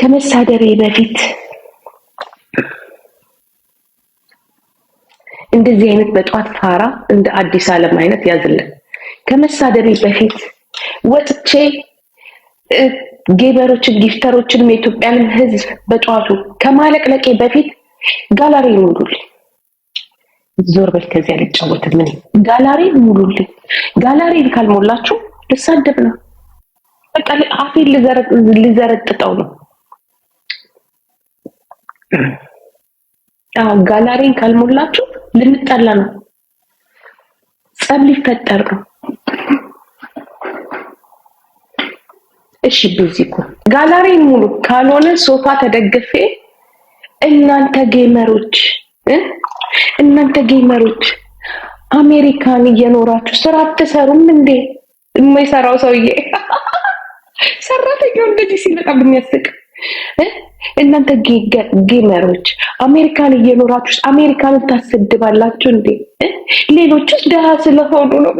ከመሳደቤ በፊት እንደዚህ አይነት በጧት ፋራ እንደ አዲስ አለም አይነት ያዝልን። ከመሳደሬ በፊት ወጥቼ ጌበሮችን፣ ጊፍተሮችንም የኢትዮጵያንም ህዝብ በጧቱ ከማለቅለቄ በፊት ጋላሪ ሙሉልኝ። ዞር በል ከዚህ አልጫወትም። ምን ጋላሪ ሙሉልኝ። ጋላሪን ካልሞላችሁ ልሳደብ ነው። በቃ አፌን ልዘረጥጠው ነው። አዎ ጋላሪን ካልሞላችሁ ልንጠላ ነው። ጸብ ሊፈጠር ነው። እሺ ቢዚ እኮ ጋላሪን ሙሉ ካልሆነ ሶፋ ተደግፌ እናንተ ጌመሮች እናንተ ጌመሮች አሜሪካን እየኖራችሁ ስራ አትሰሩም እንዴ? የማይሰራው ሰውዬ ሰራተኛው እንደዚህ ሲመጣ የሚያስቅ እናንተ ጌመሮች አሜሪካን እየኖራችሁ አሜሪካንን ታሰድባላችሁ እንዴ? ሌሎቹስ ደሃ ስለሆኑ ነው።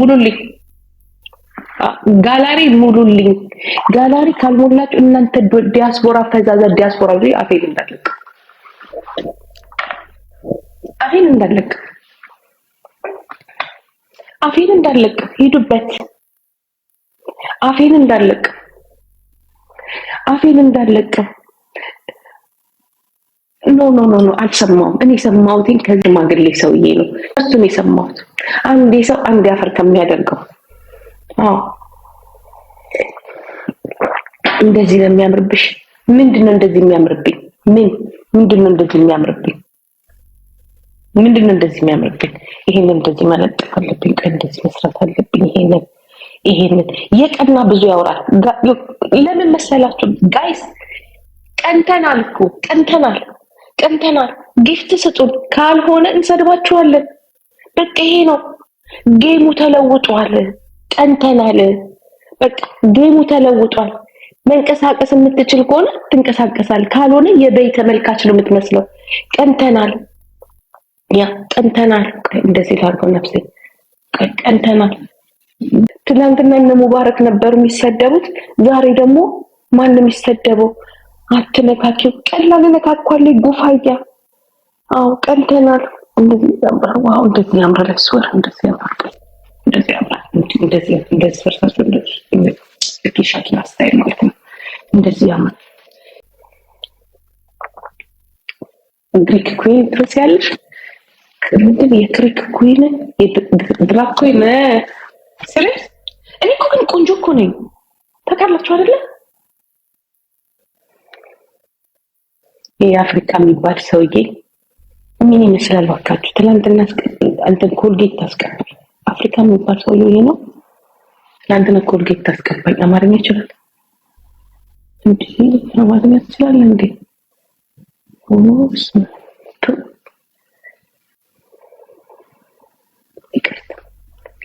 ሙሉልኝ፣ ጋላሪ ሙሉልኝ። ጋላሪ ካልሞላችሁ እናንተ ዲያስፖራ ፈዛዛ ዲያስፖራ ዙ አፌን እንዳለቅ አፌን እንዳለቅ አፌን እንዳለቅ ሂዱበት አፌን እንዳለቅ አፌን እንዳለቀው ኖ ኖ ኖ ኖ አልሰማሁም። እኔ የሰማሁትኝ ከዚህ ሽማግሌ ሰውዬ ነው እሱን የሰማሁት። አንዴ ሰው አንድ አፈር ከሚያደርገው እንደዚህ ነው የሚያምርብሽ። ምንድን ነው እንደዚህ የሚያምርብኝ? ምን ምንድን ነው እንደዚህ የሚያምርብኝ? ምንድን ነው እንደዚህ የሚያምርብኝ? ይሄን እንደዚህ ማለጠፍ አለብኝ፣ እንደዚህ መስራት አለብኝ ይሄንን ይሄንን የቀና ብዙ ያወራል። ለምን መሰላችሁ ጋይስ? ቀንተናል እኮ ቀንተናል፣ ቀንተናል። ጊፍት ስጡን ካልሆነ እንሰድባችኋለን። በቃ ይሄ ነው ጌሙ ተለውጧል። ቀንተናል። በቃ ጌሙ ተለውጧል። መንቀሳቀስ የምትችል ከሆነ ትንቀሳቀሳል፣ ካልሆነ የበይ ተመልካች ነው የምትመስለው። ቀንተናል፣ ያ ቀንተናል። እንደዚህ ላድርገው ነፍሴ ቀንተናል። ትላንትና እነ ሙባረክ ነበሩ የሚሰደቡት፣ ዛሬ ደግሞ ማን ነው የሚሰደበው? አትነካኪው። ቀላል ነካኳለ ጉፋያ አዎ፣ ቀንተናል። እንደዚህ ያምራል። ዋው! እንደዚህ ያምራል። ስወር እንደዚህ ያምራል። እንደዚህ ያምራል። እንደዚህ እንደዚህ ሰርሳቸው እንደዚህ ሻኪና ስታይል ማለት ነው። እንደዚህ ያምራል። ግሪክ ኩዊን ድረስ ያለሽ ምንድን የግሪክ ኩዊን ድራክ ኩዊን ስለ እኔ እኮ ግን ቆንጆ እኮ ነኝ ታውቃላችሁ አይደለ? ይህ አፍሪካ የሚባል ሰውዬ ምን ይመስላል ባካችሁ? ትላንትና እንትን ኮልጌት ታስቀባኝ። አፍሪካ የሚባል ሰውዬ ይሄ ነው። ትላንትና ኮልጌት ታስቀባኝ። አማርኛ ይችላል እንዴ? አማርኛ ይችላል እንዴ?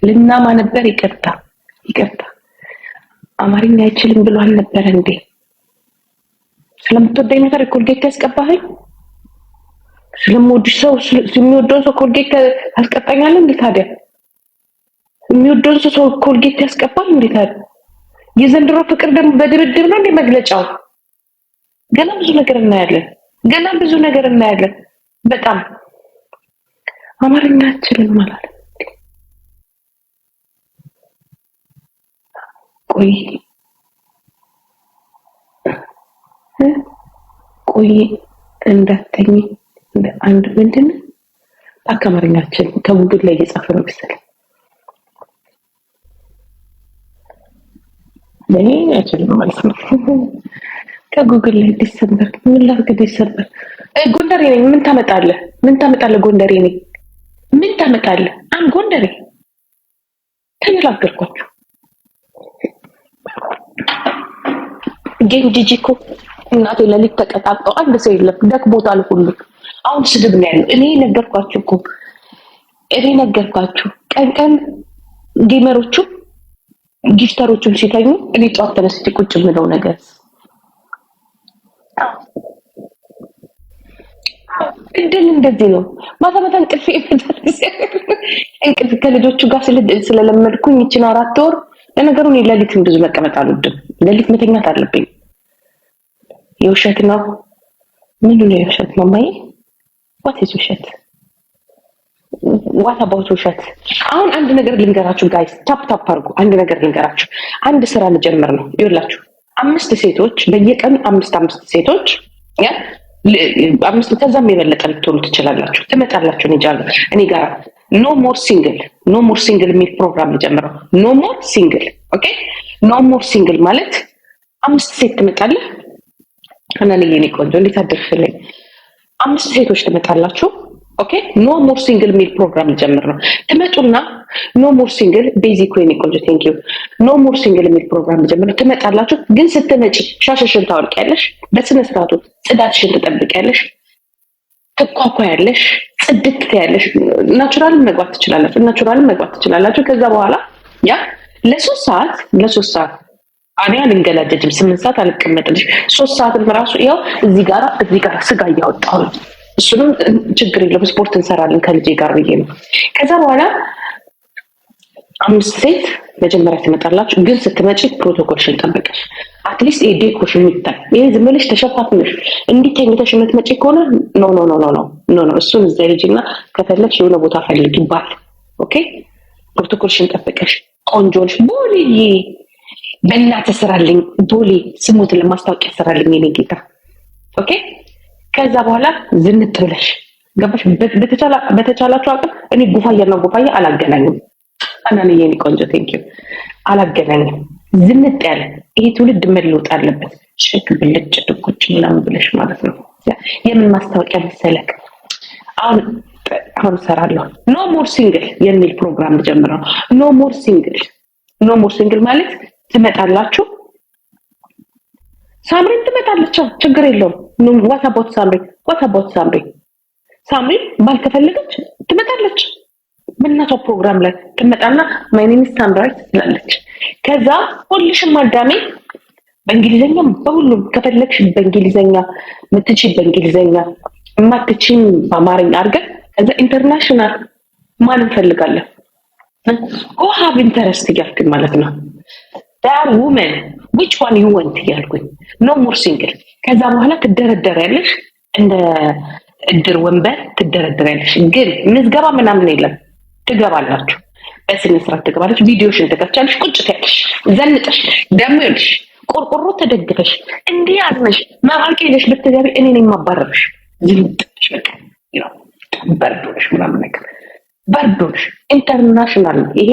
ልናማ ነበር ይቅርታ ይቅርታ አማርኛ አይችልም ብሎ አልነበረ እንዴ? ስለምትወደኝ ነገር ኮልጌት ያስቀባኸኝ? ስለምወድሽ ሰው የሚወደውን ሰው ኮልጌት ያስቀጣኛል እንዴ? ታዲያ የሚወደውን ሰው ሰው ኮልጌት ያስቀባል እንዴ? ታዲያ የዘንድሮ ፍቅር ደግሞ በድብድብ ነው እንዴ መግለጫው? ገና ብዙ ነገር እናያለን። ገና ብዙ ነገር እናያለን። በጣም አማርኛ አይችልም ማለት ቆይ ቆይ እንዳተኝ እንደ አንድ ምንድን አካማርኛችን ከጉግል ላይ እየጻፈ ነው መሰለኝ። ለእኔ አይችልም ማለት ነው። ከጉግል ላይ ዲሰምበር ምን ላድርግ? ዲሰምበር ጎንደሬ ነኝ። ምን ታመጣለህ? ምን ታመጣለህ? ጎንደሬ ነኝ። ምን ታመጣለህ? አም ጎንደሬ ተነጋገርኳቸው። ግን ጂጂ እኮ እናቴ ለሊት ተቀጣቅጠው አንድ ሰው የለም። ደክሞታል ሁሉ። አሁን ስድብ ነው ያለው። እኔ ነገርኳችሁ እኮ እኔ ነገርኳችሁ። ቀን ቀን ጌመሮቹም ጊፍተሮቹም ሲተኙ እኔ ጠዋት ተነስቼ ቁጭ የምለው ነገር እድል እንደዚህ ነው። ማታ ማታ እንቅልፍ ይመጣል። እንቅልፍ ከልጆቹ ጋር ስለለመድኩኝ ይችን አራት ወር ለነገሩ እኔ ሌሊትን ብዙ መቀመጥ አልወድም። ሌሊት መተኛት አለብኝ የውሸት ነው። ምኑ ነው የውሸት ነው? ማይ ዋት ኢዝ ውሸት? ዋት አባውት ውሸት? አሁን አንድ ነገር ልንገራችሁ ጋይስ፣ ታፕ ታፕ አድርጉ። አንድ ነገር ልንገራችሁ። አንድ ስራ ልጀምር ነው ይላችሁ። አምስት ሴቶች በየቀኑ አምስት አምስት ሴቶች ያ አምስት ከዛም የበለጠ ልትሆኑ ትችላላችሁ። ትመጣላችሁ ኒጃለ እኔ ጋር ኖ ሞር ሲንግል ኖ ሞር ሲንግል የሚል ፕሮግራም ጀምረው። ኖ ሞር ሲንግል ኦኬ። ኖ ሞር ሲንግል ማለት አምስት ሴት ትመጣለህ ከነን የኔ ቆንጆ እንዴት አደርሽልኝ? አምስት ሴቶች ትመጣላችሁ። ኦኬ ኖ ሞር ሲንግል ሚል ፕሮግራም ሊጀምር ነው። ትመጡና ኖ ሞር ሲንግል ቤዚክ ወይኔ ቆንጆ ቴንክ ዩ ኖ ሞር ሲንግል ሚል ፕሮግራም ሊጀምር ነው። ትመጣላችሁ፣ ግን ስትመጪ ሻሸሽን ታወልቂያለሽ፣ በስነ ስርዓቱ ጽዳትሽን ትጠብቂያለሽ፣ ትኳኳያለሽ፣ ጽድት ያለሽ ናቹራልን መግባት ትችላላችሁ። ናቹራልን መግባት ትችላላችሁ። ከዛ በኋላ ያ ለሶስት ሰዓት ለሶስት ሰዓት እኔ አልንገላጀጅም። ስምንት ሰዓት አልቀመጥልሽ። ሶስት ሰዓትም ራሱ ያው እዚህ ጋራ እዚህ ጋር ስጋ እያወጣሁ ነው። እሱንም ችግር የለም ስፖርት እንሰራለን ከልጄ ጋር ብዬ ነው። ከዛ በኋላ አምስት ሴት መጀመሪያ ትመጣላችሁ። ግን ስትመጪ ፕሮቶኮልሽን ጠብቀሽ አትሊስት የዴኮሽን የሚታይ ይህ ዝም ብለሽ ተሸፋፍነሽ እንዲህ ተኝተሽ የምትመጪ ከሆነ ኖ ኖ ኖ ኖ ኖ ኖ እሱን እዛ ሂጂና ከፈለግሽ የሆነ ቦታ ፈልጊ ይባል። ኦኬ ፕሮቶኮልሽን ጠብቀሽ ቆንጆ ነሽ ቦልዬ በእናተ ስራልኝ ቦሌ ስሙት ለማስታወቂያ ስራልኝ የኔ ጌታ። ኦኬ ከዛ በኋላ ዝንጥ ብለሽ ገባሽ። በተቻላችሁ አቅም እኔ ጉፋያና ጉፋያ አላገናኝም። አናነ የኔ ቆንጆ ቴንኪዩ አላገናኝም። ዝንጥ ያለ ይሄ ትውልድ መለውጥ አለበት። ሸክ ብልጭ ድጎች ምናምን ብለሽ ማለት ነው። የምን ማስታወቂያ መሰለክ አሁን አሁን እሰራለሁ ኖ ሞር ሲንግል የሚል ፕሮግራም ጀምረው። ኖ ሞር ሲንግል ኖ ሞር ሲንግል ማለት ትመጣላችሁ። ሳምሪን ትመጣለች፣ ችግር የለውም። ዋት ሳምሪ? ዋት ሳምሪ? ሳምሪ ባልተፈለገች ትመጣለች። በእናቷ ፕሮግራም ላይ ትመጣና ማይ ኔም ኢዝ ትላለች። ከዛ ሁልሽም አዳሜ በእንግሊዘኛ በሁሉም ከፈለግሽ በእንግሊዘኛ ምትች በእንግሊዘኛ የማትችም በአማርኛ አድርገን ከዛ ኢንተርናሽናል ማን እንፈልጋለን ጎ ኢንተረስት እያልክ ማለት ነው። ዳር ውመን ዊች ዋን ዩ ወንት እያልኩኝ ኖ ሞር ሲንግል። ከዛ በኋላ ትደረደሪያለሽ፣ እንደ እድር ወንበር ትደረደሪያለሽ። ግን ምዝገባ ምናምን የለም። ትገባላችሁ፣ በስነ ስርዓት ትገባለች። ቪዲዮሽን ትከፍቻለሽ፣ ቁጭ ትያለሽ፣ ዘንጠሽ ደሞ ይልሽ ቆርቆሮ ተደግፈሽ እንዲህ አዝነሽ መራቂ ይለሽ ብትገቢ እኔ ነኝ የማባረርሽ። ዝንጥሽ በቃ በርዶሽ ምናምን ነገር በርዶሽ ኢንተርናሽናል ይሄ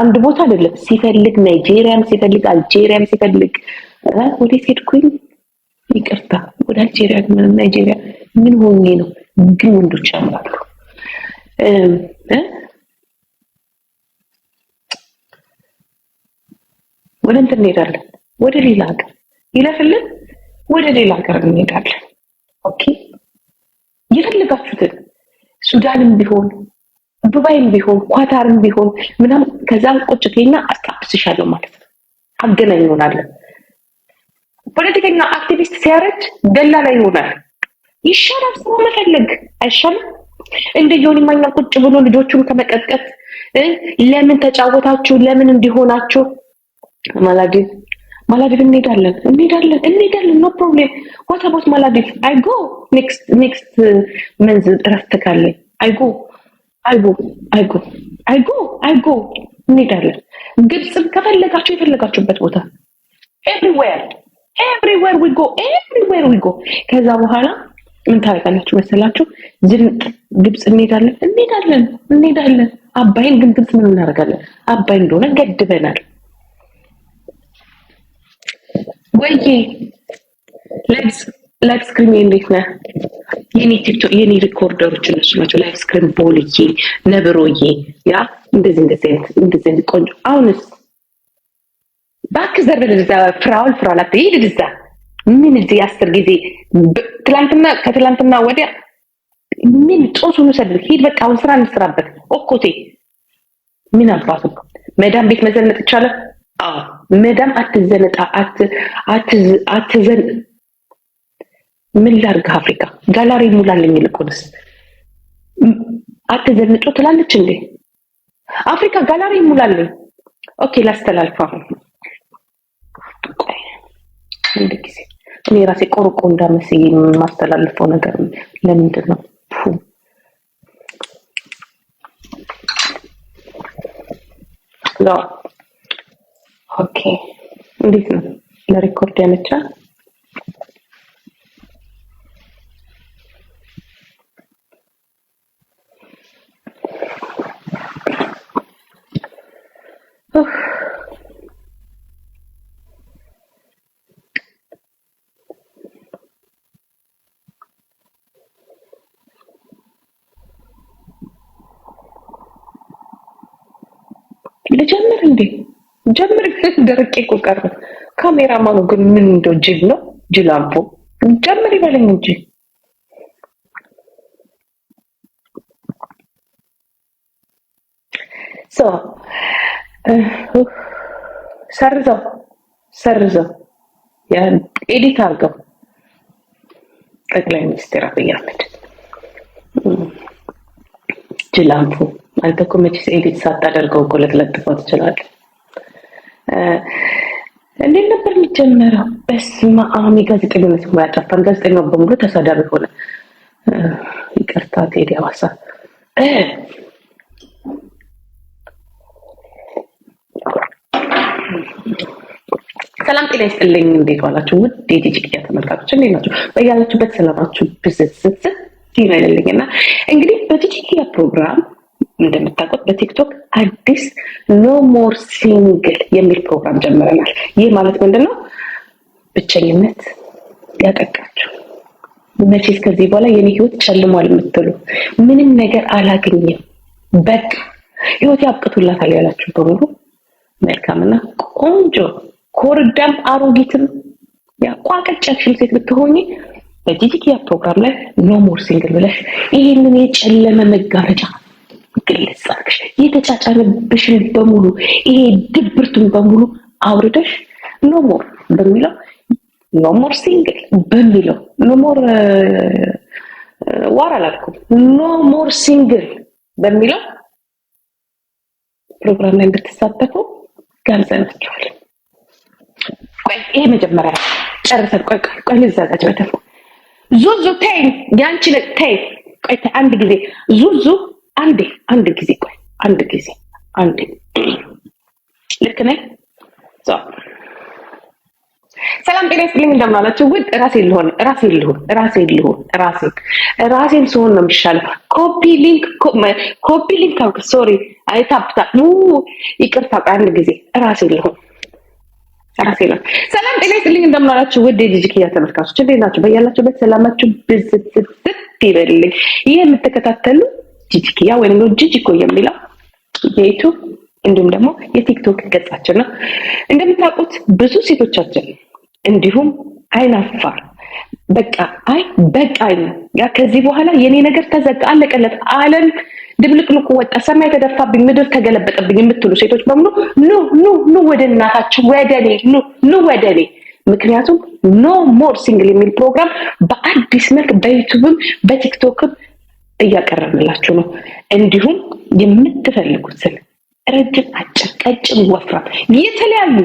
አንድ ቦታ አይደለም። ሲፈልግ ናይጄሪያም፣ ሲፈልግ አልጄሪያም፣ ሲፈልግ ወደ ሄድኩኝ? ይቅርታ ወደ አልጄሪያ ናይጄሪያ ምን ሆኜ ነው? ግን ወንዶች ያምራሉ። ወደ እንትን እንሄዳለን፣ ወደ ሌላ ሀገር ይለፍልን፣ ወደ ሌላ ሀገር እንሄዳለን። ኦኬ የፈልጋችሁትን ሱዳንም ቢሆን ዱባይም ቢሆን ኳታርም ቢሆን ምናምን ከዛም ቁጭቴና አስታብስሻለሁ ማለት ነው። አገናኝ ይሆናል። ፖለቲከኛ አክቲቪስት ሲያረጅ ደላላ ይሆናል። ይሻላል፣ ስራ መፈለግ አይሻልም? እንደ ዮኒ ማኛ ቁጭ ብሎ ልጆቹን ከመቀጥቀጥ ለምን ተጫወታችሁ፣ ለምን እንዲሆናችሁ ማላዲቭ ማላዲቭ እንሄዳለን እንሄዳለን እንሄዳለን። ኖ ፕሮብሌም ዋት አባውት ማላዲቭ አይ ጎ ኔክስት ኔክስት መንዝ እረፍት ካለኝ አይ ጎ አይጎ አይጎ አይጎ አይጎ እንሄዳለን። ግብፅም ከፈለጋችሁ የፈለጋችሁበት ቦታ ኤቭሪዌር ኤቭሪዌር ዊ ጎ ኤቭሪዌር ዊ ጎ። ከዛ በኋላ ምን ታደርጋላችሁ መሰላችሁ? ዝንጥ ግብፅ እንሄዳለን እንሄዳለን እንሄዳለን። አባይን ግን ግብፅ ምን እናደርጋለን? አባይ እንደሆነ ገድበናል ወይዬ ለግስ ላይፍ ስክሪም እንዴት ነ የኔ ቲክቶክ የኔ ሪኮርደሮች እነሱ ናቸው። ላይፍ ስክሪም ቦልዬ ነብሮዬ፣ ያ እንደዚህ እንደዚህ አይነት እንደዚህ አይነት ቆንጆ። አሁንስ ባክ ዘርበል እዛ ፍራውል ፍራውል አትሄድ እዛ ምን እዚህ አስር ጊዜ ትላንትና ከትላንትና ወዲያ ምን ጦሱን ውሰድ ሂድ። በቃ አሁን ስራ እንስራበት። ኦኮቴ ምን አባቱ መዳም ቤት መዘነጥ ይቻላል? አዎ መዳም አትዘነጣ አትዘን ምን ላርግ? አፍሪካ ጋላሪ ሙላልኝ። ይልቁንስ አትዘንጮ ትላለች እንዴ አፍሪካ ጋላሪ ሙላልኝ። ኦኬ ላስተላልፍ። አሁን አንድ ጊዜ እኔ ራሴ ቆርቆ እንዳመስ የማስተላልፈው ነገር ለምንድን ነው? ኦኬ እንዴት ነው ለሪኮርድ ያመቻል? ልጀምር እንዴ? ጀምር። ደረቄ እኮ ቀረ። ካሜራማኑ ግን ምን እንደው ጅል ነው ጅላምፖ። አልፎ ጀምር ይበለኝ እንጂ ሶ ሰርዘው ሰርዘው ኤዲት አድርገው ጠቅላይ ሚኒስትር አብይ አህመድ ጅላንፉ አንተ እኮ መቼስ ኤዲት ሳታደርገው እኮ ልትለጥፈው ትችላለህ። እንዴት ነበር የሚጀመረው? በስመ አብ! የጋዜጠኝነት ሙያ ጠፋን። ጋዜጠኛው በሙሉ ተሳዳቢ ሆነ። ይቅርታ ቴዲ ሐዋሳ ሰላም ጤና ይስጥልኝ። እንዴት ዋላችሁ? ውድ የጂጂ ጊዜ ተመልካቾች እንዴት ናችሁ? በያላችሁበት ሰላማችሁ ብዝት ስትስት ዲና እና እንግዲህ በጂጂ ፕሮግራም እንደምታውቁት በቲክቶክ አዲስ ኖ ሞር ሲንግል የሚል ፕሮግራም ጀምረናል። ይህ ማለት ምንድን ነው? ብቸኝነት ያጠቃችሁ መቼስ ከዚህ በኋላ የኔ ህይወት ጨልሟል የምትሉ ምንም ነገር አላገኘም በቃ ህይወት ያብቅቱላታል ያላችሁ በሙሉ መልካምና ቆንጆ ኮርዳም አሮጊትም ቋቀጭ ያልሽም ሴት ብትሆኝ በጂጂኪያ ፕሮግራም ላይ ኖ ሞር ሲንግል ብለሽ ይህንን የጨለመ መጋረጃ ግልጽ አድርገሽ የተጫጫነብሽን በሙሉ ይሄ ድብርቱን በሙሉ አውርደሽ ኖ ሞር በሚለው ኖ ሞር ሲንግል በሚለው ኖ ሞር ዋር አላልኩም፣ ኖ ሞር ሲንግል በሚለው ፕሮግራም ላይ እንድትሳተፉ ጋብዘናችኋል። ይሄ መጀመሪያ ጨርሰን፣ ቆይ ቆይ ልዘጋጅ። ዙዙ ያንቺ ቆይ አንድ ጊዜ ዙዙ፣ አንዴ አንድ ጊዜ ቆይ፣ አንድ ጊዜ አንዴ። ልክ ነኝ። ሰላም ጤና ይስጥልኝ። እንደምን አላችሁ? ውድ ራሴ ልሆን ራሴ ልሆን ራሴ ልሆን ራሴ ራሴን ስሆን ነው የሚሻለው። ኮፒ ሊንክ ኮፒ ሊንክ ሶሪ፣ አይታፕታ ይቅርታ። አንድ ጊዜ ራሴ ልሆን ራሴ ነው። ሰላም ጤና ይስጥልኝ። እንደምን ዋላችሁ ውድ የጂጂኪያ ተመልካቾች፣ እንዴት ናችሁ? በያላችሁበት ሰላማችሁ ብዝብዝብ ይበልልኝ። ይህ የምትከታተሉ ጂጂኪያ ወይም ነው ጂጂኮ የሚለው የዩቱብ እንዲሁም ደግሞ የቲክቶክ ገጻችን ነው። እንደምታውቁት ብዙ ሴቶቻችን እንዲሁም አይናፋር በቃ አይ በቃ ከዚህ በኋላ የኔ ነገር ተዘጋ አለቀለት አለን ድብልቅልቁ ወጣ፣ ሰማይ ተደፋብኝ፣ ምድር ተገለበጠብኝ የምትሉ ሴቶች በሙሉ ኑ ኑ ኑ ወደ እናታችሁ ወደኔ ኑ ኑ ወደኔ። ምክንያቱም ኖ ሞር ሲንግል የሚል ፕሮግራም በአዲስ መልክ በዩቱብም በቲክቶክም እያቀረብላችሁ ነው። እንዲሁም የምትፈልጉትን ረጅም፣ አጭር፣ ቀጭን፣ ወፍራም የተለያዩ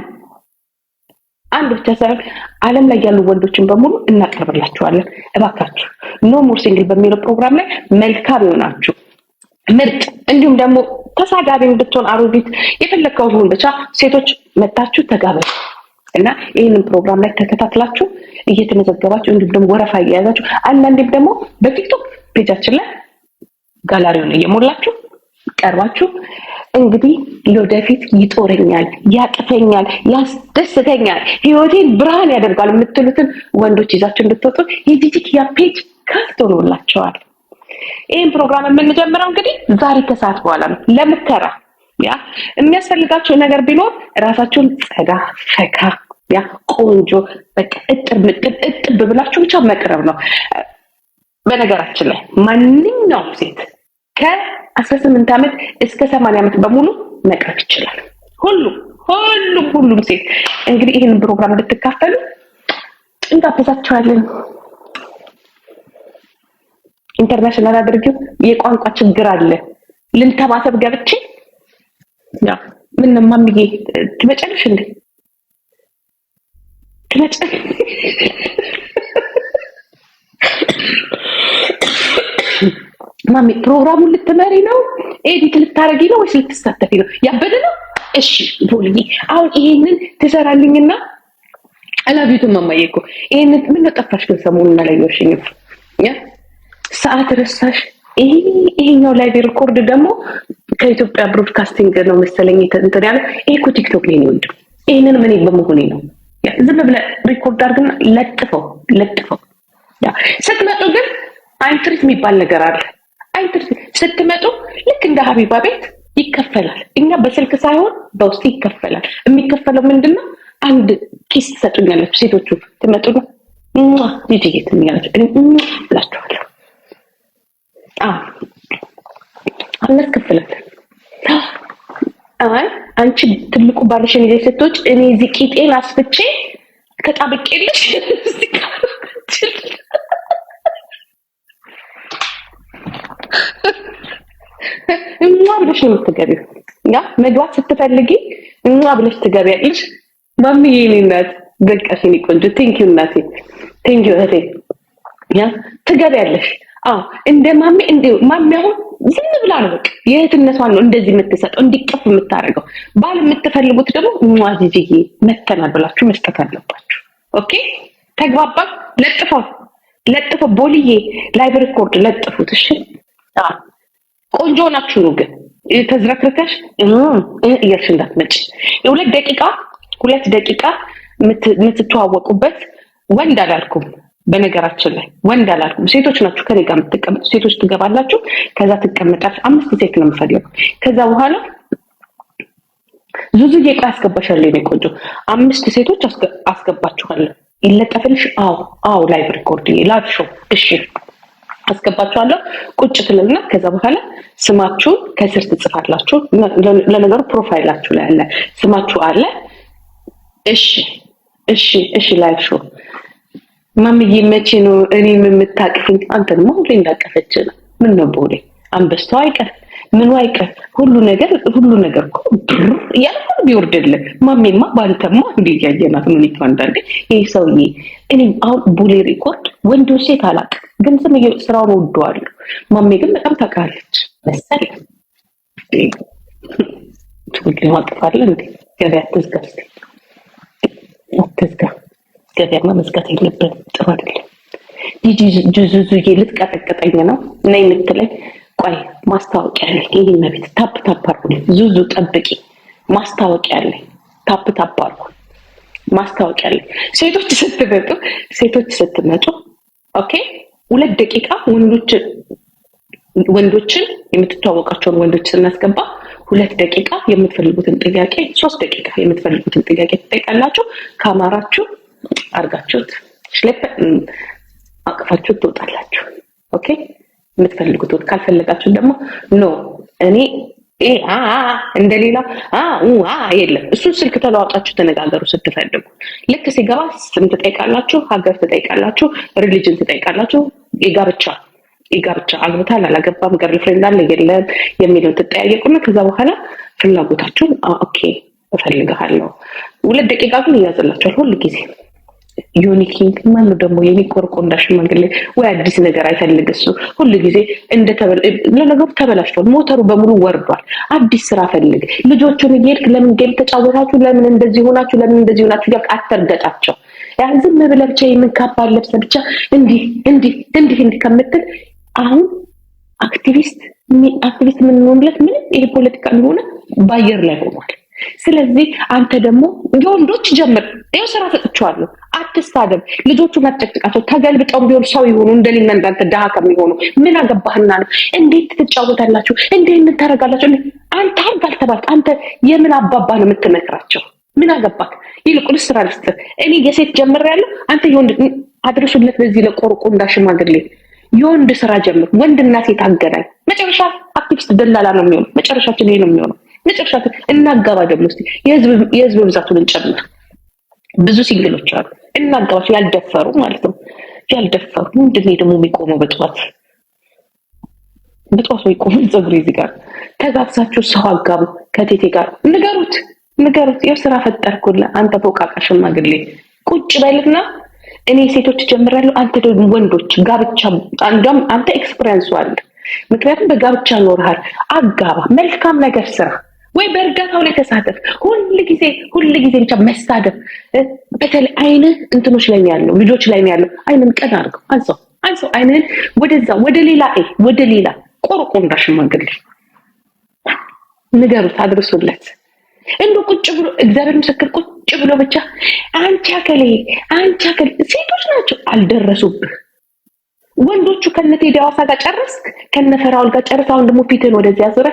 አንድ ብቻ ሳይሆን ዓለም ላይ ያሉ ወንዶችን በሙሉ እናቀርብላችኋለን። እባካችሁ ኖ ሞር ሲንግል በሚለው ፕሮግራም ላይ መልካም ይሆናችሁ። ምርጥ እንዲሁም ደግሞ ተሳጋቢ ብትሆን አሮጊት የፈለግከው ሁን ብቻ ሴቶች መታችሁ ተጋበዙ እና ይህንን ፕሮግራም ላይ ተከታትላችሁ እየተመዘገባችሁ እንዲሁም ደግሞ ወረፋ እየያዛችሁ አንዳንዴም ደግሞ በቲክቶክ ፔጃችን ላይ ጋላሪውን እየሞላችሁ ቀርባችሁ እንግዲህ ለወደፊት ይጦረኛል፣ ያቅፈኛል፣ ያስደስተኛል፣ ህይወቴን ብርሃን ያደርጋል የምትሉትን ወንዶች ይዛችሁ እንድትወጡ የጂጂኪያ ፔጅ ከፍት ሆኖላቸዋል። ይህን ፕሮግራም የምንጀምረው እንግዲህ ዛሬ ከሰዓት በኋላ ነው። ለምተራ ያ የሚያስፈልጋቸው ነገር ቢኖር ራሳችሁን ጸዳ ፈካ ያ ቆንጆ በቃ እጥብ ምጥብ እጥብ ብላችሁ ብቻ መቅረብ ነው። በነገራችን ላይ ማንኛውም ሴት ከአስራ ስምንት ዓመት እስከ ሰማንያ ዓመት በሙሉ መቅረብ ይችላል። ሁሉም ሁሉም ሁሉም ሴት እንግዲህ ይህንን ፕሮግራም እንድትካፈሉ እንጋብዛችኋለን። ኢንተርናሽናል አድርጊው። የቋንቋ ችግር አለ። ልንተባሰብ ገብቼ ምን ማምዬ ትመጫለሽ እንዴ? ትመጫለሽ ማሚ ፕሮግራሙን ልትመሪ ነው? ኤዲት ልታረጊ ነው ወይስ ልትሳተፊ ነው? ያበደ ነው። እሺ ቦልዬ፣ አሁን ይሄንን ትሰራልኝና አላቢቱ ማማዬ እኮ ይሄንን ምን ነው ጠፋሽ? ግን ሰሞኑን አላየሁሽኝም። ሰዓት ረሳሽ። ይሄኛው ላይቭ ሪኮርድ ደግሞ ከኢትዮጵያ ብሮድካስቲንግ ነው መሰለኝ እንትን ያለ ይሄ እኮ ቲክቶክ ላይ ነው። ወንድም ይህንን ምን በመሆኔ ነው ዝም ብለህ ሪኮርድ አድርግና ለጥፈው ለጥፈው። ስትመጡ ግን አይንትሪት የሚባል ነገር አለ። አይንትሪት ስትመጡ ልክ እንደ ሀቢባ ቤት ይከፈላል። እኛ በስልክ ሳይሆን በውስጥ ይከፈላል። የሚከፈለው ምንድን ነው? አንድ ኪስ ትሰጡኛላችሁ ሴቶቹ። ትመጡና ጂጂዬ ትምኛላችሁ ብላችኋለሁ Ah. አላስከፍላት። አይ አንቺ ትልቁ ባልሽን ይዘሽ ስትወጪ እኔ እዚህ ቂጤን አስፍቼ ተጣብቄልሽ እሟ ብለሽ ነው የምትገቢው። ያ መግባት ስትፈልጊ እሟ ብለሽ ትገቢያለሽ። ማምዬ የኔ እናት በቃ ቆንጆ ቴንኪው እናቴ፣ ቴንኪው እህቴ፣ ያ ትገቢያለሽ። አዎ እንደ ማሜ እንደ ማሜ አሁን ዝም ብላ ነው በቃ የእህትነቷን ነው እንደዚህ የምትሰጠው እንዲቀፍ የምታደርገው። ባል የምትፈልጉት ደግሞ ሟዚዝዬ መተናል ብላችሁ መስጠት አለባችሁ። ኦኬ ተግባባ። ለጥፎ ለጥፎ ቦልዬ ላይቭ ሪኮርድ ለጥፉት። እሺ ቆንጆ ናችሁ ነው ግን ተዝረክርከሽ እያልሽ እንዳትመጭ። የሁለት ደቂቃ ሁለት ደቂቃ የምትተዋወቁበት ወንድ አላልኩም በነገራችን ላይ ወንድ አላልኩም። ሴቶች ናችሁ ከኔ ጋር የምትቀመጡ ሴቶች ትገባላችሁ። ከዛ ትቀመጣችሁ። አምስት ሴት ነው የምፈልገው። ከዛ በኋላ ዙዙ ጌጥ አስገባሻለሁ። የኔ ቆንጆ አምስት ሴቶች አስገባችኋለሁ። ይለጠፍልሽ። አዎ አዎ፣ ላይቭ ሪኮርድ ላይቭ ሾው። እሺ አስገባችኋለሁ። ቁጭ ትልና ከዛ በኋላ ስማችሁን ከስር ትጽፋላችሁ። ለነገሩ ፕሮፋይላችሁ ላይ አለ ስማችሁ አለ። እሺ እሺ እሺ፣ ላይቭ ሾው ማምዬ መቼ ነው እኔም የምታቅፍኝ? አንተን ማ ሁሌ እንዳቀፈች ነው። ምን ነው በሁሌ አንበስተው አይቀር ምኑ አይቀር ሁሉ ነገር ሁሉ ነገር እኮ ያልሆን ቢወርድልን ማሜማ ባንተማ እንዲ ያየናት ምን አንዳንዴ ይህ ሰውዬ እኔ አሁን ቡሌ ሪኮርድ ወንድ ሴት አላቅም፣ ግን ስም ስራውን ወደዋለሁ። ማሜ ግን በጣም ታውቃለች መሰል ማጥፋለ እንዴ ገበያ አትዝጋ፣ አትዝጋ ገበያማ መዝጋት የለብን። ጥሩ አይደለም። ጅዙዙዬ ልትቀጠቅጠኝ ነው እና የምትለኝ ቆይ ማስታወቂያ አለኝ። ይህ መቤት ታፕ ታፓር ዙዙ ጠብቂ፣ ማስታወቂያ አለኝ። ታፕ ታፓር ማስታወቂያ አለኝ። ሴቶች ስትመጡ ሴቶች ስትመጡ ኦኬ፣ ሁለት ደቂቃ ወንዶችን ወንዶችን የምትተዋወቃቸውን ወንዶች ስናስገባ ሁለት ደቂቃ የምትፈልጉትን ጥያቄ ሶስት ደቂቃ የምትፈልጉትን ጥያቄ ትጠይቃላችሁ። ከአማራችሁ አድርጋችሁት ሽሌፕ አቅፋችሁት ትወጣላችሁ። ኦኬ የምትፈልጉት ወጥ ካልፈለጋችሁ ደግሞ ኖ እኔ እንደሌላ አ የለም። እሱን ስልክ ተለዋውጣችሁ ተነጋገሩ። ስትፈልጉ ልክ ሲገባ ስም ትጠይቃላችሁ፣ ሀገር ትጠይቃላችሁ፣ ሪሊጅን ትጠይቃላችሁ። የጋብቻ የጋብቻ አግብታል አላገባም፣ ገርል ፍሬንድ አለ የለም የሚለውን ትጠያየቁና ከዛ በኋላ ፍላጎታችሁን ኦኬ እፈልግሃለሁ። ሁለት ደቂቃ ግን ይያዝላችኋል ሁሉ ጊዜ ዩኒኪንግ ማን ነው ደግሞ የሚቆርቆንዳ ሽማግሌ ወይ አዲስ ነገር አይፈልግ እሱ ሁሉ ጊዜ እንደ ለነገሩ ተበላሽቷል። ሞተሩ በሙሉ ወርዷል። አዲስ ስራ ፈልግ። ልጆቹን እየሄድክ ለምን ጌም ተጫወታችሁ፣ ለምን እንደዚህ ሆናችሁ፣ ለምን እንደዚህ ሆናችሁ እያልክ አተርገጣቸው። ያ ዝም ብለህ ብቻ የምን ካባ ለብሰ ብቻ እንዲህ እንዲህ እንዲህ እንዲህ ከምትል አሁን አክቲቪስት አክቲቪስት ምንሆን ብለት ምንም ይሄ ፖለቲካ ሆነ በአየር ላይ ሆኗል። ስለዚህ አንተ ደግሞ የወንዶች ጀምር ይኸው ስራ ሰጥቼዋለሁ። አትሳደብ። ልጆቹ መጨቅጭቃቸው ተገልብጠው ቢሆን ሰው የሆኑ እንደሌለ እንዳንተ ድሃ ከሚሆኑ ምን አገባህና ነው? እንዴት ትጫወታላችሁ? እንዴት እንታረጋላችሁ? አንተ አርግ አልተባልክ። አንተ የምን አባባ ነው የምትመክራቸው? ምን አገባክ? ይልቁን ስራ ልስጥ። እኔ የሴት ጀምሬያለሁ፣ አንተ የወንድ አድርሱለት። በዚህ ለቆርቆ እንዳሽማግሌ የወንድ ስራ ጀምር። ወንድና ሴት አገናኝ። መጨረሻ አክቲቪስት ደላላ ነው የሚሆነው። መጨረሻችን ይሄ ነው የሚሆነው። መጨረሻ እናጋባ ደግሞ ስ የህዝብ ብዛቱን እንጨምር። ብዙ ሲንግሎች አሉ እናጋባቸው ያልደፈሩ ማለት ነው። ያልደፈሩ ምንድን ነው ደግሞ የሚቆመው በጠዋት በጠዋት የሚቆመው ፀጉር እዚህ ጋር ተጋብሳችሁ ሰው አጋቡ። ከቴቴ ጋር ንገሩት ንገሩት የው ስራ ፈጠርኩልህ አንተ ፎቃቃ ሽማግሌ ቁጭ በልና እኔ ሴቶች ጀምራለሁ፣ አንተ ደግሞ ወንዶች ጋብቻ። አንተ ኤክስፒሪየንሱ አለ፣ ምክንያቱም በጋብቻ ኖርሃል። አጋባ፣ መልካም ነገር ስራ ወይ በእርጋታው ላይ ተሳተፍ። ጊዜ ሁልጊዜ ጊዜ ብቻ መሳተፍ። በተለይ አይንህ እንትኖች ላይ ያለው፣ ልጆች ላይ ያለው። አይንን ቀን አድርገው አንሶ አንሶ አይንህን ወደዛ ወደ ሌላ ወደ ሌላ ቆርቆ እንዳሽማግል ንገሩት፣ አድርሱለት። እንዶ ቁጭ ብሎ እግዚአብሔር ምስክር ቁጭ ብሎ ብቻ አንቺ አከሌ አንቺ አከሌ ሴቶች ናቸው አልደረሱብህ ወንዶቹ ከነ ቴዲ ጋር ጨረስክ፣ ከነፈራውል ጋር ጨርስ። አሁን ደግሞ ፊትህን ወደዚህ አዙረ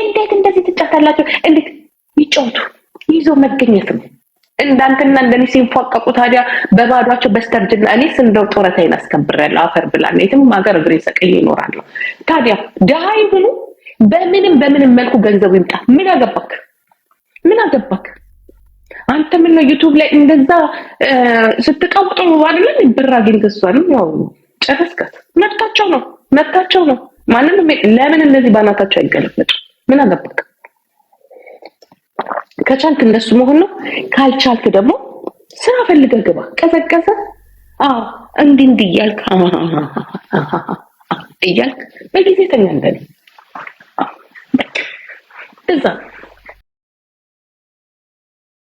እንዴት እንደዚህ ትጫታላቸው? እንዴት ይጫወቱ ይዞ መገኘት ነው። እንዳንተና እንደኔ ሲንፏቀቁ ታዲያ በባዷቸው በስተርጅና እኔስ እንደው ጡረታዬን አስከብሬያለሁ አፈር ብላ የትም ሀገር እግሬ ሰቅዬ ይኖራለሁ። ታዲያ ድሃ ይሁኑ በምንም በምንም መልኩ ገንዘቡ ይምጣ። ምን አገባክ? ምን አገባክ? አንተ ምን ነው ዩቲዩብ ላይ እንደዛ ስትቀውጡ አይደለም ብር አግኝተህ እሷንም ያው ጨረስካት። መብታቸው ነው መብታቸው ነው። ማንም ለምን እንደዚህ ባናታቸው አይገለበጡ? ምን አለበት? ከቻልክ እንደሱ መሆን ነው። ካልቻልክ ደግሞ ስራ ፈልገ ግባ። ቀዘቀዘ አዎ፣ እንዲህ እንዲህ እያልክ እያልክ በጊዜ ተኛ እንደኔ እዛ